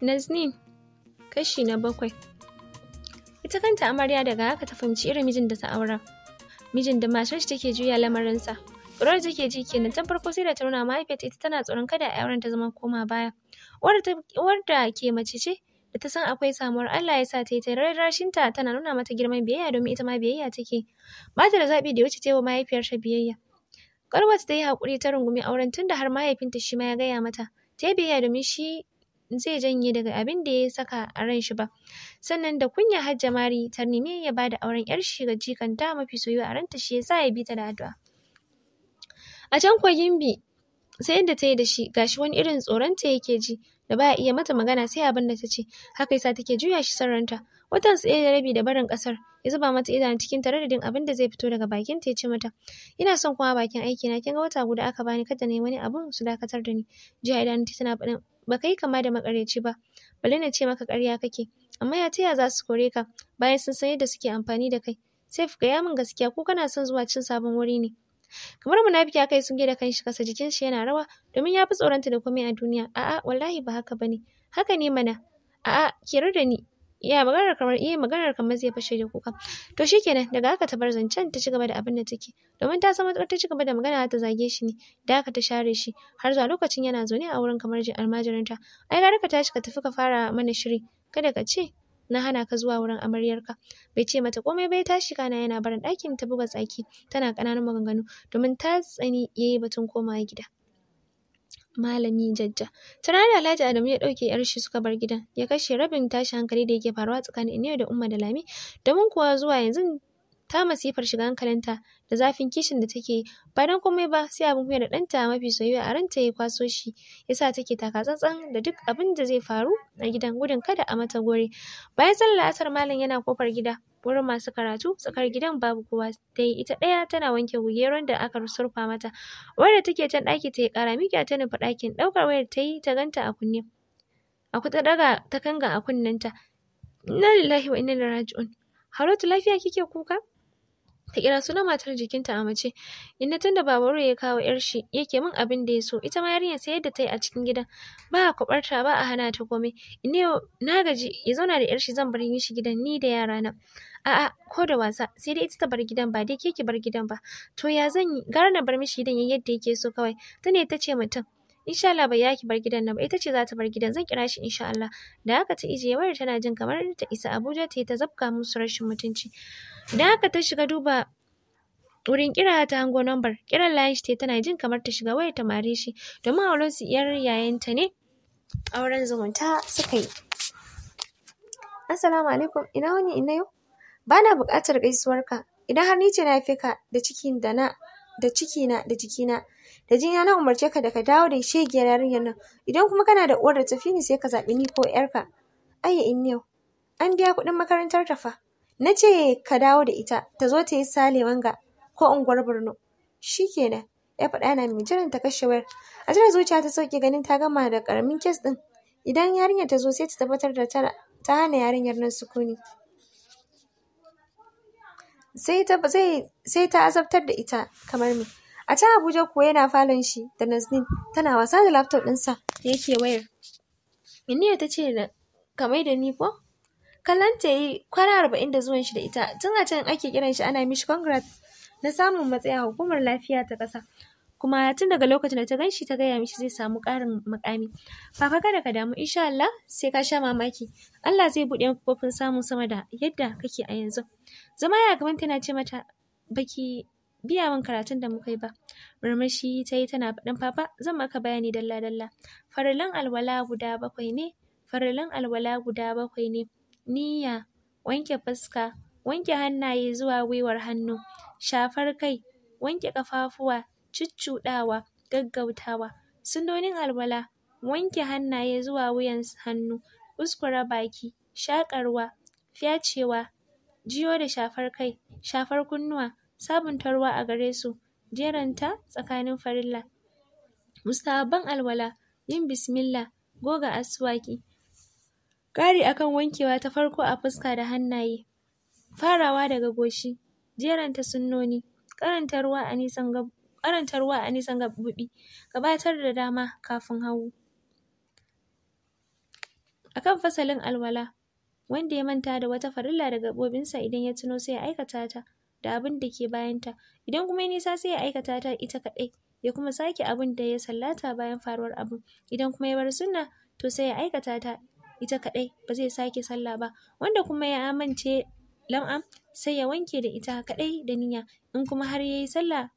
Nazneen kashi na bakwai. Ita kanta amarya daga haka ta fahimci irin mijin da ta aura. Mijin da matar shi take juya lamarinsa. Tsoron da take ji kenan tun farko sai da ta nuna mahaifiyarta ita tana tsoron kada a auren ta zama koma baya. Uwar da ke mace ce da ta san akwai samuwar Allah ya sa ta yi ta tana nuna mata girman biyayya domin ita ma biyayya take. Ba ta da zaɓi da ya wuce ta yi wa mahaifiyarta biyayya. Garba ta yi haƙuri ta rungumi auren tun har mahaifinta shi ma ya gaya mata. Ta yi biyayya domin shi zai janye daga abin da ya saka a ran shi ba sannan da kunya hajja mari ta nemi ya bada auren yar shi ga jikanta mafi soyuwa a ranta shi yasa ya bi ta da addu'a a can kogin bi sai yadda ta yi da shi gashi wani irin tsoronta yake ji da ba iya mata magana sai abin da ta ce haka yasa take juya shi son Watan tsaye da rabi da barin ƙasar ya zuba mata idanu cikin taraddadin abin da zai fito daga bakin ta ya ce mata ina son kuma bakin aiki na kin ga wata guda aka bani kada ne wani abun su dakatar da ni jiya idanu ta tana fadin ba kai kama da makareci ba bari na ce maka ƙarya kake amma ya taya za su kore ka bayan sun san yadda suke amfani da kai fuka ya min gaskiya ko kana son zuwa cin sabon wuri ne kamar munafiki kai sun da kanshi kasa jikin shi yana rawa domin ya fi tsoronta da komai a duniya a'a wallahi ba haka bane haka ne mana a'a ki da ni iya maganar kamar iya eh, maganar kamar zai fashe da kuka to shikenan daga haka ta bar zancen ta cigaba da abin da take domin ta san matukar ta cigaba da magana ta zage shi ne da haka ta share shi har zuwa lokacin yana zaune a wurin kamar jin almajirinta ai gara ka tashi ka tafi ka fara mana shiri kada ka ce na hana ka zuwa wurin amaryarka bai ce mata komai bai tashi kana yana barin ɗakin ta buga tsaki tana ƙananan maganganu domin ta tsani yayi batun komawa gida malami jajja. Turare Alhaji Adamu ya ɗauke yar shi suka bar gidan, ya kashe rabin tashi hankali da yake faruwa tsakanin Iniyo da Umma da Lami, domin kuwa zuwa yanzu ta masifar shiga hankalinta da zafin kishin da take yi ba dan komai ba sai abin kunya da ɗanta mafi soyayya a ranta ya kwaso shi yasa take taka tsantsan da duk abin da zai faru a gidan gudun kada a mata gore bayan sallar asar malam yana kofar gida wurin masu karatu tsakar gidan babu kowa dai ita ɗaya tana wanke gugeron da aka surfa mata wayar take can ɗaki ta yi ƙara miƙa ta nufi ɗakin ɗaukar wayar ta yi ta ganta a kunne a ta ɗaga ta kanga a kunnenta inna lillahi wa inna ilaihi raji'un Haratu lafiya kike kuka? ta kira sunan matar jikinta a mace inna tunda babaru ya kawo yar shi yake min abin da ya so ita ma yarinyar sai yadda ta yi a cikin gidan ba a kubarta ba a hana ta komai inna na gaji ya zauna da yar shi zan bar shi gidan ni da yara na a'a ko da wasa sai dai ita ta bar gidan ba dai ke ki bar gidan ba to ya zan yi gara na bar mishi gidan yadda yake so kawai tane ta ce mutum insha Allah bai yaki bar gidan nan ba ita ce za ta bar gidan zan kira shi insha Allah da haka ta ije wayar tana jin kamar ta isa Abuja ta yi ta zabka musu rashin mutunci da haka ta shiga duba wurin kira ta hango number, kiran layin shi tana jin kamar ta shiga wayar ta mare shi domin auren su iyar ta ne auren zumunta suka yi assalamu alaikum ina wani ina yau bana buƙatar gaisuwarka idan har ni ce na fika da cikin da na da cikina da jikina da jinya na umarce ka da ka dawo da shegiyar yarinyar nan idan kuma kana da uwar da tafi ne sai ka zaɓi ni ko yarka ayya in yau an biya kuɗin makarantar ta fa na ce ka dawo da ita ta zo ta yi sale wanga ko unguwar borno shikenan ya faɗa na mai jiran ta kashe wayar a jira zuciya ta sauke ganin ta gama da ƙaramin kes ɗin idan yarinyar ta zo sai ta tabbatar da ta hana yarinyar nan sukuni sai ta azabtar da ita kamar me A can Abuja kuwa yana falon shi da Nazneen tana wasa da laptop ɗinsa da yake wayar. Iniya ta ce na kamai da ni ko? Kallon ta yi kwana arba'in da zuwan shi da ita tun a can ake kiran shi ana mishi congrats na samun matsaya hukumar lafiya ta ƙasa. Kuma tun daga lokacin da ta gan shi ta gaya mishi zai samu ƙarin mukami. Baba kada ka damu insha Allah sai ka sha mamaki. Allah zai buɗe kofofin samun sama da yadda kake a yanzu. Zama ya gaban tana ce mata baki biya min karatun da muka yi ba. Murmushi ta yi tana faɗin fafa. zan maka bayani dalla-dalla. Farilan alwala guda bakwai ne, farilan alwala guda bakwai ne, niyya, wanke fuska, wanke hannaye zuwa gwiwar hannu, shafar kai, wanke ƙafafuwa, cuccuɗawa, gaggautawa. Sundonin alwala, wanke hannaye zuwa wuyan hannu, kuskura baki, shaƙarwa, fyacewa, jiyo da shafar kai, shafar kunnuwa, sabuntarwa a gare su jeranta tsakanin farilla mustahabban alwala yin bismillah goga aswaki ƙari akan wankewa ta farko a fuska da hannaye farawa daga goshi jeranta sunnoni karanta ruwa a nisan gab karanta a nisan gaɓuɓi gabatar da dama kafin hagu akan fasalin alwala wanda ya manta da wata farilla daga gaɓoɓinsa idan ya tuno sai ya aikata ta da abin da ke bayanta idan kuma nisa sai ya aikata ta ita kaɗai ya kuma sake abin da ya sallata bayan faruwar abu idan kuma ya bar sunna to sai ya aikata ta ita kaɗai ba zai sake sallah ba wanda kuma ya amince lam'am sai ya wanke da ita kaɗai da niyya in kuma har ya sallah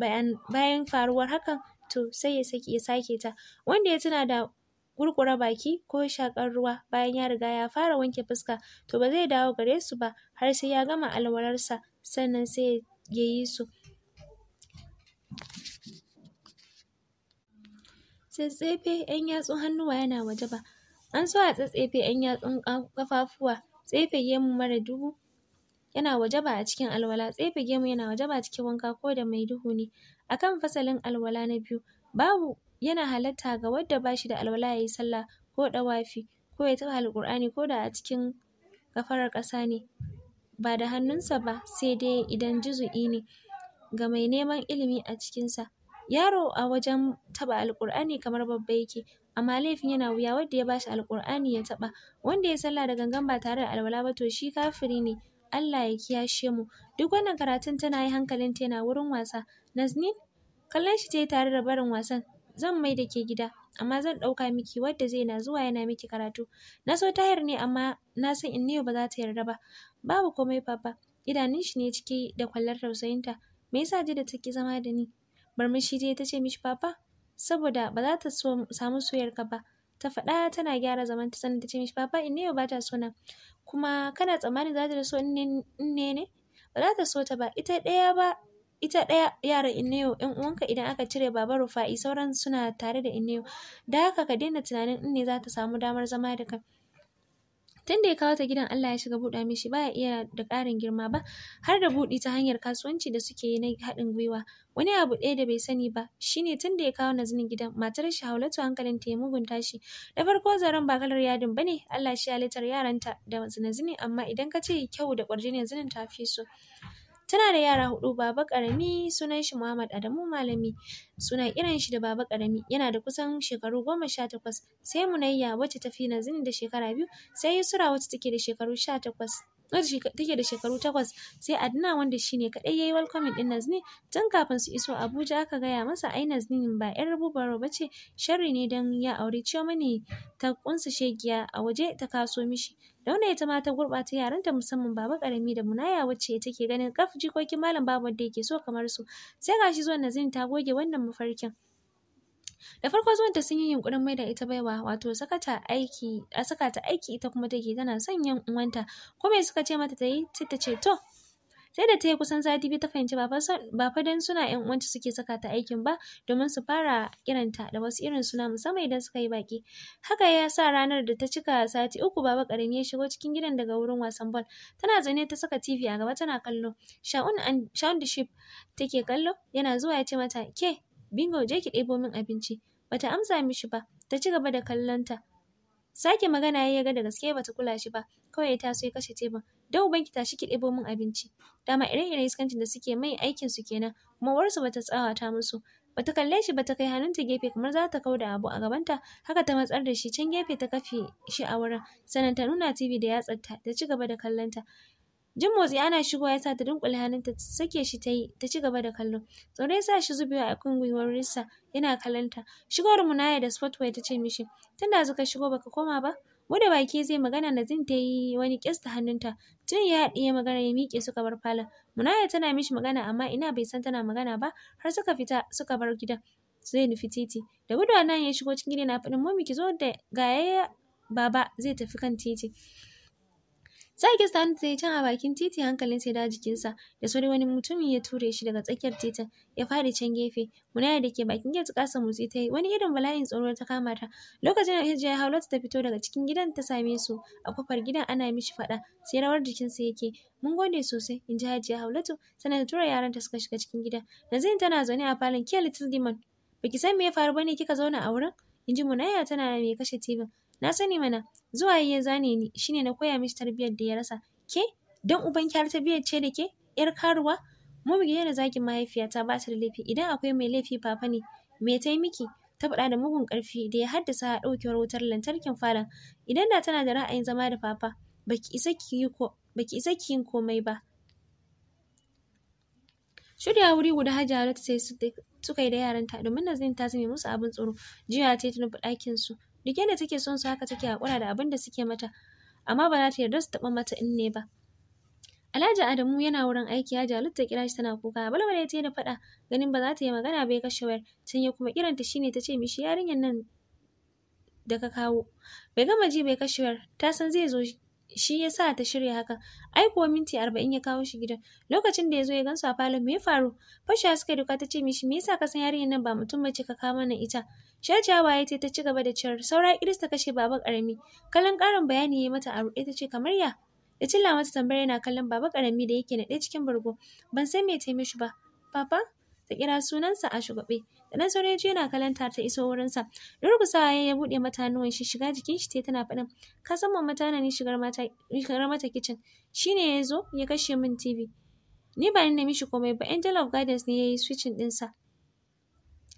bayan faruwar hakan to sai ya sake ya sake ta wanda ya tuna da kurkura baki ko shakar ruwa bayan ya riga ya fara wanke fuska to ba zai dawo gare su ba har sai ya gama alwararsa. sannan sai ya yi su tsatsefe yan yatsun hannuwa yana waje an so a tsatsefe yan yatsun kafafuwa tsefe gemu mara duhu yana wajaba a cikin alwala tsefe gemu yana wajaba a cikin wanka ko da mai duhu ne akan fasalin alwala na biyu babu yana halatta ga wadda ba shi da alwala ya yi sallah ko dawafi ko ya taɓa alƙur'ani ko da a cikin gafarar ƙasa ne ba da hannunsa ba sai dai idan juzu'i ne ga mai neman ilimi a cikinsa. Yaro a wajen taɓa alkur'ani kamar babba yake, amma laifin yana wuya wanda ya bashi alkur'ani ya taɓa. Wanda ya sallah da gangan ba tare da alwala ba to shi kafiri ne. Allah ya kiyashe mu. Duk wannan karatun tana yi hankalinta yana wurin wasa. nasni kallon shi ta yi tare da barin wasan zan mai da ke gida amma zan ɗauka miki wadda zai na zuwa yana miki karatu na so tayar ne amma na san inniyo ba za ta yarda ba babu komai papa idanun shi ne ciki da kwallar tausayinta me yasa ji da take zama da ni barmishi je ta ce mishi papa saboda ba za ta samu ka ba ta faɗa tana gyara zaman ta sanin ta ce mishi papa inniyo ba ta so nan kuma kana tsammani za ta so in ne ne ba za ta so ta ba ita ɗaya ba ita ɗaya yaran inayo ‘yan uwanka idan aka cire baba Rufa'i sauran suna tare da inayo Da haka ka daina tunanin in ne za ta samu damar zama da kai. tun da ya kawo ta gidan Allah ya shiga buɗa mishi ya iya da ƙarin girma ba har da buɗi ta hanyar kasuwanci da suke yi na haɗin gwiwa wani abu ɗaya da bai sani ba shine tun da ya kawo nazinin gidan matar shi haulatu hankalin ta ya mugunta shi da farko zaren ba kalar yadin ba ne Allah shi halittar yaranta da nazinin amma idan ka ce kyau da ƙwarjini zinin ta fi so Tana da yara hudu! baba karami sunan shi Muhammad Adamu Malami, suna kiran shi da baba ƙarami, yana da kusan shekaru goma sha takwas, sai Munayya wacce ta fi Nazin da shekara biyu, sai Yusra wacce take da shekaru sha takwas. take da shekaru takwas sai Adna wanda shine kadai yayi welcoming din Nazni tun kafin su iso Abuja aka gaya masa ai Nazni ba yar ba ce. sharri ne dan ya aure ciyo mani ta kunsa shegiya a waje ta kaso mishi Dauna ita ma ta gurɓata yaranta musamman baba karami da munaya wacce take ganin kaf jikokin malam babu wanda yake so kamar su. Sai gashi zuwan Nazin ta goge wannan mafarkin. Da farko zuwan ta sun yi yunkurin mai da ita baiwa wato saka ta aiki a saka ta aiki ita kuma take tana son yan uwanta. Ko me suka ce mata ta yi? Ta ce to Sai da ta yi kusan sati biyu ta fahimci ba fa don suna ‘yan uwanci suke saka ta aikin ba domin su fara kiranta da wasu irin suna musamman idan suka yi baki. Haka ya sa ranar da ta cika sati uku baba karami ya shigo cikin gidan daga wurin wasan ball. Tana zaune ta saka TV a gaba tana kallo. Shaun da Ship take kallo yana zuwa ya ce mata ke bingo je ki ɗebo min abinci. Bata amsa mishi ba ta ci gaba da kallonta. Sake magana ya ga da gaske bata kula shi ba kawai ta so ya kashe tebur. dan ubanki tashi ki ɗebo min abinci dama ire-iren iskancin da suke mai aikin su kenan kuma warsu bata tsawa ta musu bata kalle shi bata kai hannunta gefe kamar za ta kau da abu a gabanta haka ta matsar da shi can gefe ta kafe shi a wurin sannan ta nuna tv da yatsarta ta ci gaba da kallonta jin motsi ana shigo ya sa ta dunkule hannunta ta sake shi ta yi ta ci gaba da kallo tsoro sa shi zubewa a kan gwiwar rissa yana kallonta shigowar munaya da spotway ta ce mishi tunda zuka shigo baka koma ba Bude baki zai magana zin ta yi wani kyasta hannunta. Tun ya iya magana ya miƙe suka bar falon. Munaya tana mishi magana amma ina bai san tana magana ba har suka fita suka bar gidan. Zai nufi titi. Da gudu nan ya shigo cikin gida na faɗin momi ki zo da ga baba zai tafi kan titi. Sake sanu ta yi can a bakin titi hankalin sai da sa da sauri wani mutumin ya ture shi daga tsakiyar titin ya fadi can gefe. Munaya da ke bakin gate kasa motsi ta yi wani irin bala'in tsoro ta kama ta. Lokacin da Hajiya haulatu ta fito daga cikin gidan ta same su a kofar gidan ana mishi fada sai rawar jikin jikinsa yake. Mun gode sosai in ji Hajiya Haulatu tana ta tura yaranta suka shiga cikin gida. Nazin tana zaune a falon Kiya Little Demon. Baki san me ya faru bane kika zauna a wurin? in ji Munaya tana mai kashe tibin. na sani mana zuwa ya zane ni shine na koya mishi tarbiyyar da ya rasa ke dan uban har tarbiyyar ce da ke yar karuwa mu gina da zakin mahaifiyata ba ta da laifi idan akwai mai laifi papa ne me tai miki ta faɗa da mugun ƙarfi da ya haddasa ɗaukewar wutar lantarkin falon idan da tana da ra'ayin zama da papa baki isa ki isa ki yin komai ba shirya wuri guda hajja ta sai suka yi da yaranta domin zai ta zame musu abin tsoro jiya ta yi ta nufi su duk yadda take son su haka take haƙura da abin da suke mata amma ba za ta yarda su taɓa mata in ne ba Alhaji Adamu yana wurin aiki ya jalut ta kira shi tana kuka balbala ya ce da faɗa ganin ba za ta yi magana ba ya kashe wayar can ya kuma kiranta shine ta ce mishi yarinyar nan da ka kawo bai gama ji bai kashe wayar ta san zai zo shi ya sa ta shirya haka ai kuwa minti arba'in ya kawo shi gidan lokacin da ya zo ya gansu a falon me ya faru fasha suka duka ta ce mishi me yasa ka san yarinyar nan ba mutum bace ka kawo mana ita Shajawa ya ce ta ci gaba da ciyar, saura Idris ta kashe baba ƙarami. Kallon karin bayani ya mata a ruɗe ta ce kamar ya. Da cilla mata tambayar yana kallon baba karami da yake naɗe cikin bargo. Ban san me ta mishi ba. Papa? Ta kira sunansa a shugabe. Da nan ya je yana kallon ta ta iso wurinsa. Durgusawa ya ya buɗe mata hannuwan shi shiga jikin shi tana faɗin. Ka san mamma tana ni shigar mata shigar mata kicin. Shine ya zo ya kashe min TV. Ni ba ni na mishi komai ba Angel of Guidance ne ya yi switching ɗinsa.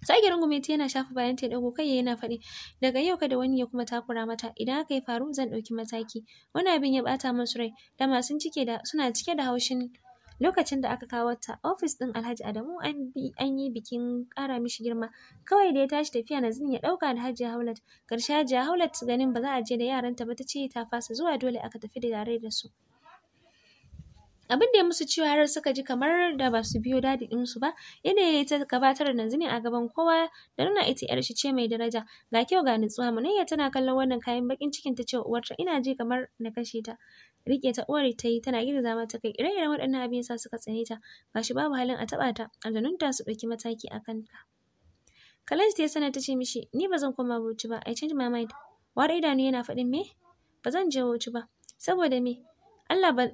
sake gwamnati yana shafa bayan ta dago kai yana faɗi daga yau kada wani ya kuma takura mata idan aka yi faru zan ɗauki mataki wani abin ya bata musu rai da masu cike da suna cike da haushin lokacin da aka kawo ta ofis din Alhaji Adamu an yi bikin ƙara mishi girma kawai da ya tashi tafiya na zin ya ɗauka da Hajiya Haulat karshe Hajiya Haulat ganin ba za a je da yaranta ba ta ce ta fasa zuwa dole aka tafi da yare da su abin da ya musu cewa har suka ji kamar da ba su biyo dadi din su ba yadda ya yi ta gabatar da ne a gaban kowa da nuna ita yar shi ce mai daraja ga kyau ga nutsuwa munayya tana kallon wannan kayan bakin cikin ta ce uwarta ina ji kamar na kashe ta rike ta uwar ta yi tana zama ta kai ire-iren waɗannan abin sa suka tsane ta shi babu halin a taɓa ta ta su ɗauki mataki a kanta Kalaji ta sanar ta ce mishi ni ba zan koma Bauchi ba I change my mind war idanu yana faɗin me ba zan je Bauchi ba saboda me Allah ba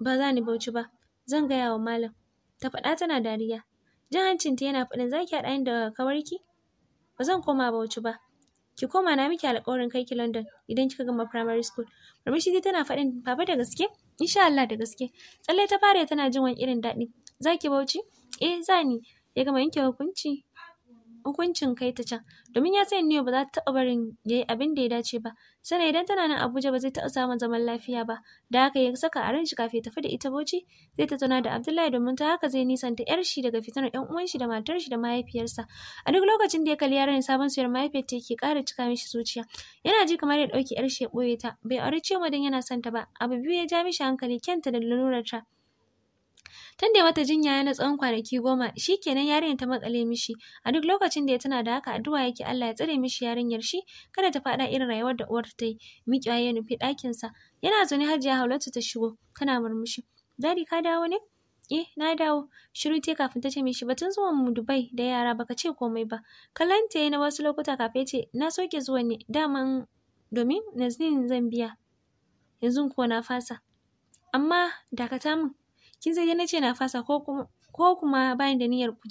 Ba za ni Bauchi ba, zan gaya wa malam. Ta faɗa tana dariya. Jin hancinta yana faɗin za ki haɗa ni da kawarki? Ba zan koma Bauchi ba. Ki koma na miki alƙawarin kai ki London idan kika gama primary school. Murmushi dai tana faɗin baba da gaske? Insha Allah da gaske. Tsalle ta fara tana jin wani irin daɗi. Za ki Bauchi? Eh za ni. Ya gama yanke hukunci hukuncin kai ta can domin ya san ne ba za ta taɓa barin yayi abin da ya dace ba Sannan idan tana nan Abuja ba zai taɓa samun zaman lafiya ba, da haka ya saka a ranshi kafin tafi da ita Bauchi, zai tattauna da Abdullahi domin ta haka zai nisanta ‘yar shi daga fitanar ‘yan uwan shi da matar shi da mahaifiyarsa. A duk lokacin da ya kalli yaran sabon suyar mahaifiyar ta ke ƙara cika mishi zuciya. Yana ji kamar ya ɗauki ‘yar shi ya ɓoye ta, bai aure ma don yana son ta ba, abu biyu ya ja mishi hankali kyanta da lalurarta. Tun da mata jinya na tsawon kwanaki goma shi kenan yarinyar ta makale mishi a duk lokacin da ya tana da haka addu'a yake Allah ya tsare mishi yarinyar shi kada ta faɗa irin rayuwar da uwarta ta yi miƙi ya nufi ɗakin sa yana zaune hajiya haulatu ta shigo tana murmushi. Dadi ka dawo ne? eh na dawo shiru te kafin ta ce mishi batun zuwan mu Dubai da yara baka ce komai ba kallon ta na wasu lokuta kafin ce na soke zuwa ne daman domin nazin zan biya yanzu ko na fasa amma dakata min kin zai na ce na fasa ko kuma ko kuma bayan da niyyar ku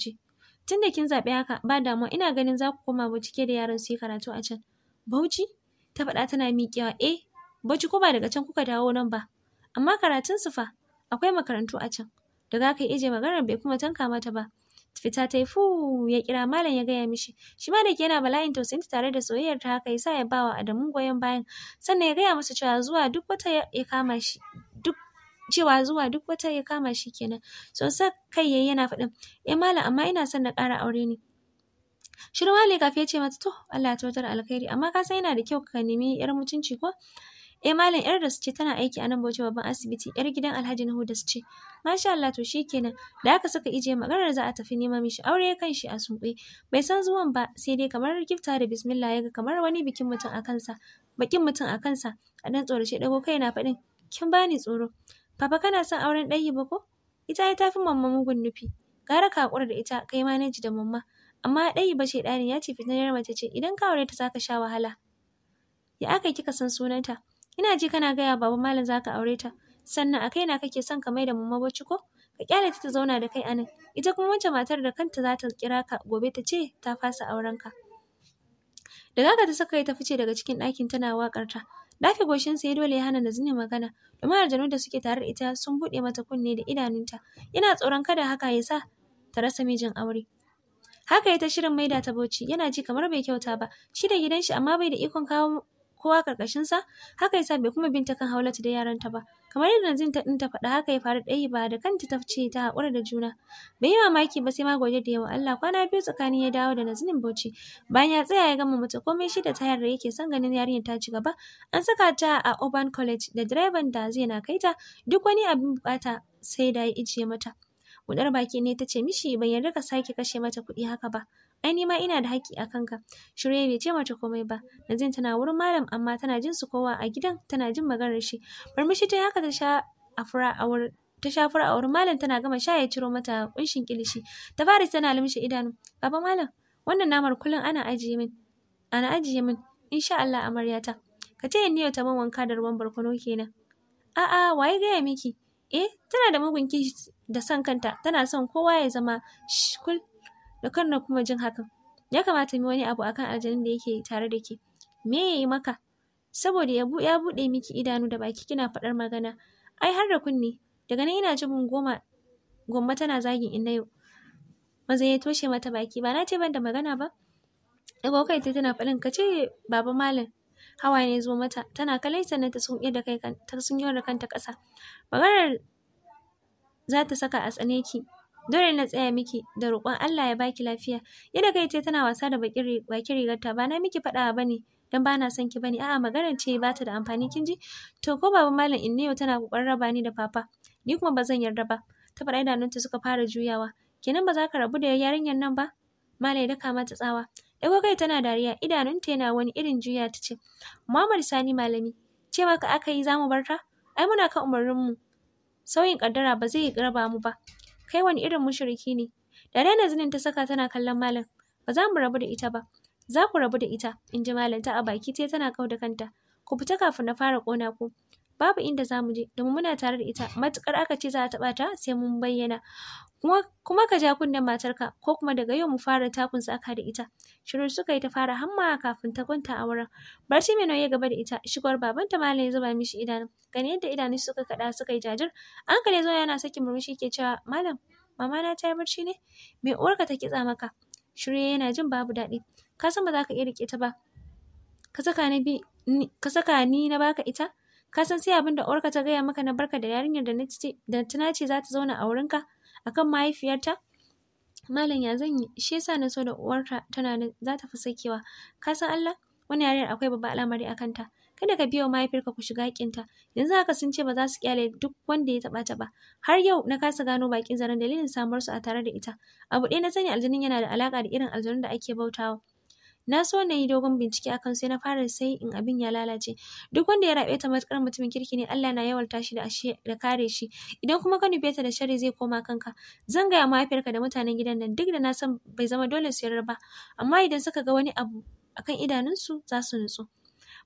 tunda kin zaɓi haka ba damuwa ina ganin za ku koma Bauchi ke da yaran su yi karatu a can Bauchi ta faɗa tana miƙewa eh Bauchi ko ba daga can kuka dawo nan ba amma karatun su fa akwai makarantu a can da za yi ije maganar bai kuma tanka mata ba fita ta yi fu ya kira malam ya gaya mishi shi ma da ke yana bala'in tausayin tare da soyayyar ta haka yasa ya bawa Adamu goyon bayan sannan ya gaya masa cewa zuwa duk wata ya kama shi cewa zuwa duk wata ya kama shi kenan so sa kai yayi yana faɗin e malam amma ina son na kara aure ne shiru malam kafi ya ce mata to Allah ya tabbatar alkhairi amma ka san yana da kyau ka nemi yar mutunci ko e malam yar da su ce tana aiki a nan Bauchi babban asibiti yar gidan Alhaji Nuhu da ce masha Allah to shi kenan da aka saka ije maganar za a tafi neman mishi aure kan shi a sunkuye bai san zuwan ba sai dai kamar gifta da bismillah ya ga kamar wani bikin mutum a kansa bakin mutum a kansa a dan tsorace dago kai na faɗin kin bani tsoro Papa kana son auren ɗayi ba ko? Ita ya tafi mamma mugun nufi. Gara ka haƙura da ita kai ma ji da mamma. Amma ɗayi ba ce ɗani ya ce fitinar mace ce idan ka aure ta zaka sha wahala. Ya aka kika san sunanta? Ina ji kana gaya baba malam zaka aure ta. Sannan a kaina kake son ka maida mamma bacci ko? Ka kyale ta ta zauna da kai anan. Ita kuma wacce matar da kanta za ta kira ka gobe ta ce ta fasa auren ka. Da zaka ta saka ta fice daga cikin ɗakin tana wakarta. ta. Dafe goshin ya dole ya hana Nazini magana, domin aljanu da suke tare da ita sun buɗe mata kunne da idanunta, yana tsoron kada haka ya sa ta rasa mijin aure. Haka ya ta shirin maida ta bauchi, yana ji kamar bai kyauta ba, shi da gidan shi amma bai da ikon kawo kowa karkashinsa, haka ya sa bai kuma binta kan haulatu da yaranta ba. kamar yadda jin ta ta faɗa haka ya faru ɗaya ba da kanta ta ce ta haƙura da juna bai yi mamaki ba sai ma gobe da yawa Allah kwana biyu tsakanin ya dawo da Nazinin Bauchi bayan ya tsaya ya gama mata komai shi da tayar da yake son ganin yarinyar ta ci gaba an saka ta a Urban College da direban da zai na kai ta duk wani abin bukata sai da ya ije mata Wadar baki ne ta ce mishi bai yarda ka sake kashe mata kuɗi haka ba ai ni ma ina da haƙƙi a kanka shirye bai ce mata komai ba Nazin tana wurin malam amma tana jin su kowa a gidan tana jin maganar shi Barmishi ta haka ta sha fura a wurin ta sha fura a wurin malam tana gama sha ya ciro mata kunshin kilishi ta fara tana limshe idanu baba malam wannan namar kullum ana ajiye min ana ajiye min insha Allah amaryata ka ce niyyar ta man wanka da ruwan barkono kenan a'a waye gaya miki eh tana da mugun kishi da son kanta tana son kowa ya zama shkul da na kuma jin hakan ya kamata mu wani abu akan aljanin da yake tare da ke me ya yi maka saboda ya bu ya buɗe miki idanu da baki kina fadar magana ai har da kunne daga nan ina jin goma gomma tana zagin inna yau maza ya toshe mata baki ba na ce ban da magana ba daga kai ta tana faɗin ka ce baba malam hawa ne zo mata tana kalai sannan ta sun da kai ta sun da kanta kasa. maganar za ta saka a tsane ki dole na tsaya miki da roƙon Allah ya baki lafiya yadda kai ce tana wasa da bakin rigarta ba na miki faɗa bane dan ba na son ki bane a'a maganar ce ba ta da amfani kin ji to ko baba malam yau tana kokarin raba ni da papa ni kuma ba zan yarda ba ta faɗa idanunta suka fara juyawa kenan ba za ka rabu da yarinyar nan ba malam ya daka mata tsawa ɗago kai tana dariya idanunta yana wani irin juya ta ce Muhammad Sani malami cewa ka aka yi zamu bar ta ai muna kan umarnin mu sauyin kaddara ba zai raba mu ba kai wani irin mushriki ne da raina zinin ta saka tana kallon malam ba za mu rabu da ita ba za ku rabu da ita in ji malam ta a baki sai tana kau da kanta ku fita kafin na fara kona ku babu inda za mu je domin muna tare da ita matukar aka ce za a taɓa ta sai mun bayyana kuma ka ja kunnen matarka ko kuma daga yau mu fara takun tsaka da ita shirin suka yi ta fara hamma kafin ta kwanta a wurin barci mai ya gaba da ita shigar babanta malam ya zuba mishi idanu gani yadda idanu suka kaɗa suka yi jajir An kare zo yana sakin murmushi ke cewa malam mama na ta yi barci ne me uwarka ta kitsa maka shirye yana jin babu daɗi ka san ba za ka iya riƙe ta ba ka saka ni na baka ita Ka san sai abin da uwarka ta gaya maka na barka da yarinyar da da tana ce za ta zauna a wurinka akan mahaifiyarta? Malam ya zan yi, shi yasa na so da uwarta tana nan, za ta fi sakewa. Ka san Allah, wani yarinyar akwai babba al'amari a kanta. Kada ka biya wa mahaifiyarka ku shiga hakinta. Yanzu haka sun ce ba za su kyale duk wanda ya taba ta ba. Har yau na kasa gano bakin zaren dalilin samuwar su a tare da ita. Abu ɗaya na sani aljanin yana da alaka da irin aljanun da ake bautawa. na so na yi dogon bincike akan sai na fara sai in abin ya lalace duk wanda ya rabe ta matukar mutumin kirki ne Allah na yawan tashi da ashe da kare shi idan kuma ka nufe ta da shari zai koma kanka zan gaya mahaifiyarka da mutanen gidan nan duk da na san bai zama dole su yarda ba amma idan suka ga wani abu akan idanunsu za su nutsu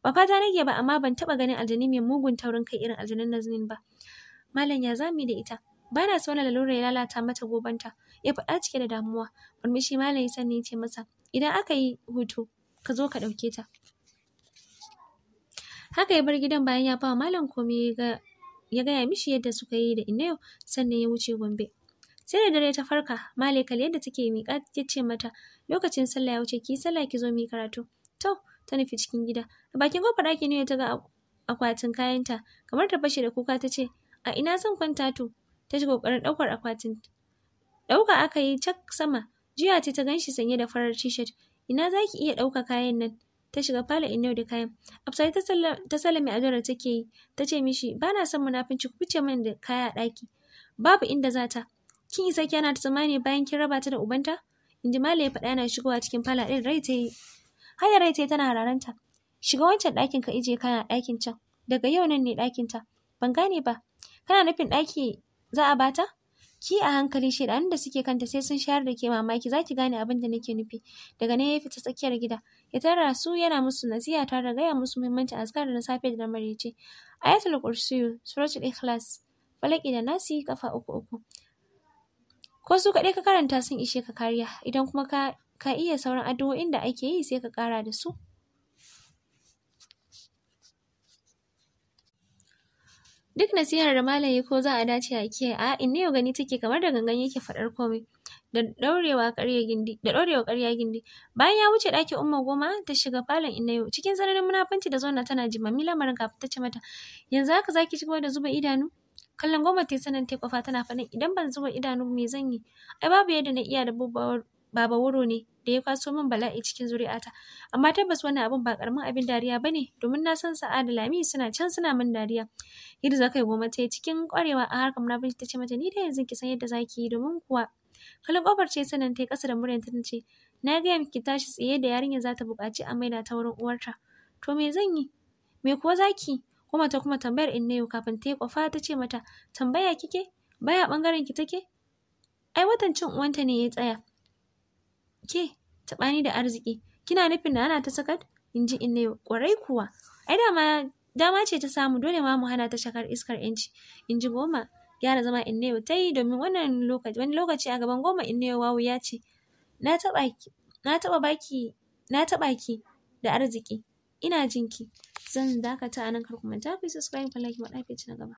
ba fata nake ba amma ban taba ganin aljani mai mugun taurin kai irin aljanin Nazanin ba malam ya zami da ita bana so na lalura ya lalata mata gobanta ya faɗa cike da damuwa murmushi malami ya sani ya ce masa idan aka yi hutu ka zo ka ɗauke ta haka ya bar gidan bayan ya bawa malam komai ya gaya mishi yadda suka yi da inayo sannan ya wuce gombe sai da dare ta farka kali yadda take miƙa ya ce mata lokacin sallah ya wuce ki sallah ki zo mu karatu to ta nufi cikin gida a bakin kofar ɗaki ne ta ga akwatin kayanta kamar ta fashe da kuka ta ce a ina zan kwanta to ta ji ƙoƙarin ɗaukar akwatin Ɗauka aka yi cak sama. Jiya ce ta ganshi sanye da farar tishet. Ina za ki iya ɗauka kayan nan? Ta shiga falo in da kayan. Absai ta salame adorar take yi. Ta ce mishi, ba na son munafunci ku fice min da kaya a ɗaki. Babu inda za ta. Kin isa kyana ta tsammani bayan kin raba ta da ubanta? ji Malam ya faɗa yana shigowa cikin fala ɗin rai ta yi. Haya rai ta yi tana hararanta. Shiga wancan ɗakin ka ije a ɗakin can. Daga yau nan ne ɗakin ta. Ban gane ba. Kana nufin ɗaki za a bata? Ki a hankali shi da suke kanta sai sun shayar da ke mamaki za ki gane abin da nake nufi. Daga ne ya fita tsakiyar gida. Ya tara su yana musu nasiha tare da gaya musu a azkar da na safe da na maraice. Ayatul Kursiyu, Suratul Ikhlas, Falaki da Nasi kafa uku uku. Ko su kaɗai ka karanta sun ishe ka kariya, idan kuma ka, iya sauran addu'o'in da ake yi sai ka kara da su. Duk nasihar da malam ya ko za a dace a kiyaye a inna yau gani take kamar da gangan yake faɗar komai. Da ɗaurewa ƙarya gindi, da ɗaurewa ƙarya gindi. Bayan ya wuce ɗakin Umma Goma ta shiga falon inna yau cikin sanarin munafunci da zauna tana jimami lamarin kafin ta ce mata yanzu haka zaki ci gaba da zuba idanu? Kallon Goma ta sanan ta kwafa tana faɗin idan ban zuba idanu me zan yi? Ai babu yadda na iya da baba wuro ne da ya kwaso min bala'i cikin zuri'ata amma tabbas wannan abin ba karamin abin dariya ba ne, domin na san sa'a da lami suna can suna min dariya yadda za ka yi goma ta cikin kwarewa a harkar munafurci ta ce mata ni da yanzu ki san yadda za ki yi domin kuwa kalin kofar ce sanan ta yi kasa da muryar ta ce na gaya miki tashi tsaye da yarinya za ta buƙaci a maida ta wurin uwarta to me zan yi me kuwa za ki? kuma ta kuma tambayar in innayo kafin ta yi kwafa ta ce mata tambaya kike baya bangaren ki take ai watancin uwanta ne ya tsaya Ke, tabani da arziki, kina nufin da ana ta sakar In ji kwarai kuwa. Ai dama dama ce ta samu dole ma mu hana ta shakar iskar yanci. In ji goma, gyara zama in ta yi domin wannan lokaci wani lokaci a gaban goma in wawu ya ce, na taɓa ki, na taba baki, na taba ki da arziki. Ina jinki. Zan dakata a nan kar ku manta ku subscribe ku like mu na gaba.